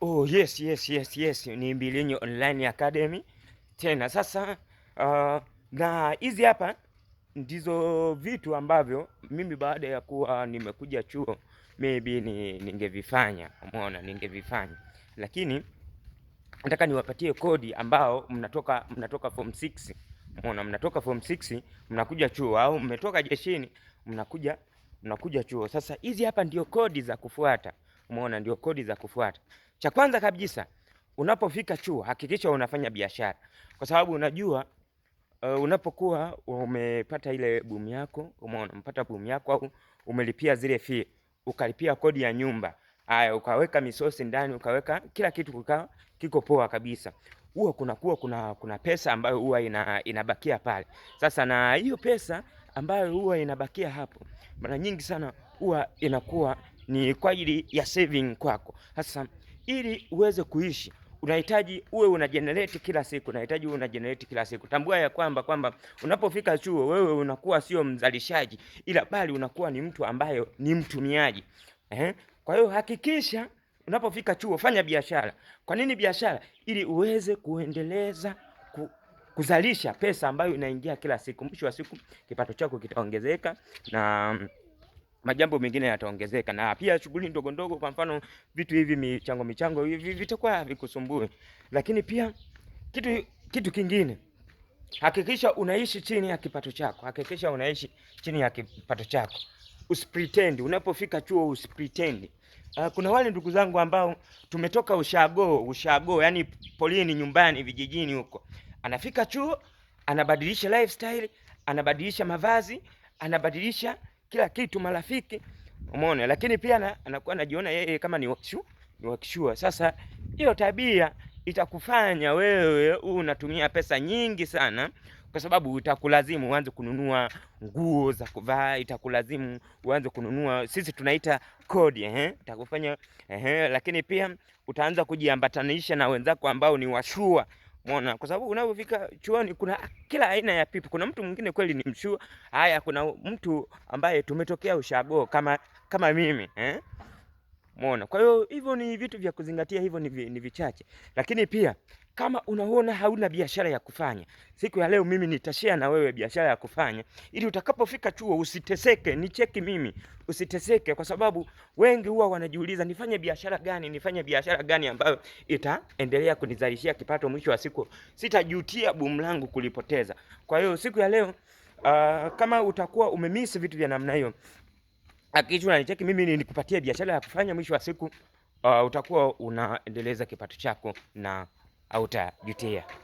Oh, yes, yes, yes, yes. Ni Mbilinyi Online Academy tena sasa. Uh, na hizi hapa ndizo vitu ambavyo mimi baada ya kuwa nimekuja chuo maybe ni, ningevifanya umeona, ningevifanya lakini nataka niwapatie kodi ambao mnatoka mnatoka form 6 umeona, mnatoka form 6 mnakuja chuo au mmetoka jeshini mnakuja mnakuja chuo. Sasa hizi hapa ndio kodi za kufuata. Umeona, ndio kodi za kufuata. Cha kwanza kabisa, unapofika chuo hakikisha unafanya biashara, kwa sababu unajua uh, unapokuwa umepata ile boom yako, umeona umepata boom yako, au umelipia zile fee, ukalipia kodi ya nyumba haya, ukaweka misosi ndani, ukaweka kila kitu, kukaa kiko poa kabisa huwa kuna kuwa kuna kuna pesa ambayo huwa ina, inabakia pale. Sasa na hiyo pesa ambayo huwa inabakia hapo, mara nyingi sana huwa inakuwa ni kwa ajili ya saving kwako. Sasa ili uweze kuishi unahitaji uwe una generate kila siku, unahitaji uwe una generate kila siku. Tambua ya kwamba kwamba unapofika chuo wewe unakuwa sio mzalishaji, ila bali unakuwa ni mtu ambaye ni mtumiaji eh. Kwa hiyo hakikisha unapofika chuo fanya biashara. Kwa nini biashara? Ili uweze kuendeleza ku, kuzalisha pesa ambayo inaingia kila siku. Mwisho wa siku kipato chako kitaongezeka na majambo mengine yataongezeka, na pia shughuli ndogo ndogo, kwa mfano vitu hivi michango michango hivi vitakuwa havikusumbui. Lakini pia kitu kitu kingine, hakikisha unaishi chini ya kipato chako, hakikisha unaishi chini ya kipato chako. Usipretend unapofika chuo, usipretend. Uh, kuna wale ndugu zangu ambao tumetoka ushago ushago, yani polini, nyumbani, vijijini huko, anafika chuo, anabadilisha lifestyle, anabadilisha mavazi, anabadilisha kila kitu, marafiki, umeona. Lakini pia na, anakuwa anajiona yeye kama ni wakishu, ni wakishua. Sasa hiyo tabia itakufanya wewe unatumia pesa nyingi sana kwa sababu itakulazimu uanze kununua nguo za kuvaa, itakulazimu uanze kununua, sisi tunaita kodi eh, itakufanya eh, lakini pia utaanza kujiambatanisha na wenzako ambao ni washua. Umeona? Kwa sababu unavyofika chuoni kuna kila aina ya pipi. Kuna mtu mwingine kweli ni mshua. Haya, kuna mtu ambaye tumetokea ushago kama kama mimi eh? Umeona? Kwa hiyo hivyo ni vitu vya kuzingatia, hivyo ni, ni vichache, lakini pia kama unaona hauna biashara ya kufanya, siku ya leo mimi nitashare na wewe biashara ya kufanya, ili utakapofika chuo usiteseke. Ni cheki mimi, usiteseke, kwa sababu wengi huwa wanajiuliza nifanye biashara gani, nifanye biashara gani ambayo itaendelea kunizalishia kipato, mwisho wa siku sitajutia boom langu kulipoteza. Kwa hiyo siku ya leo uh, kama utakuwa umemiss vitu vya namna hiyo Akiju nanicheki mimi kupatia biashara ya kufanya, mwisho wa siku uh, utakuwa unaendeleza kipato chako na hautajutia.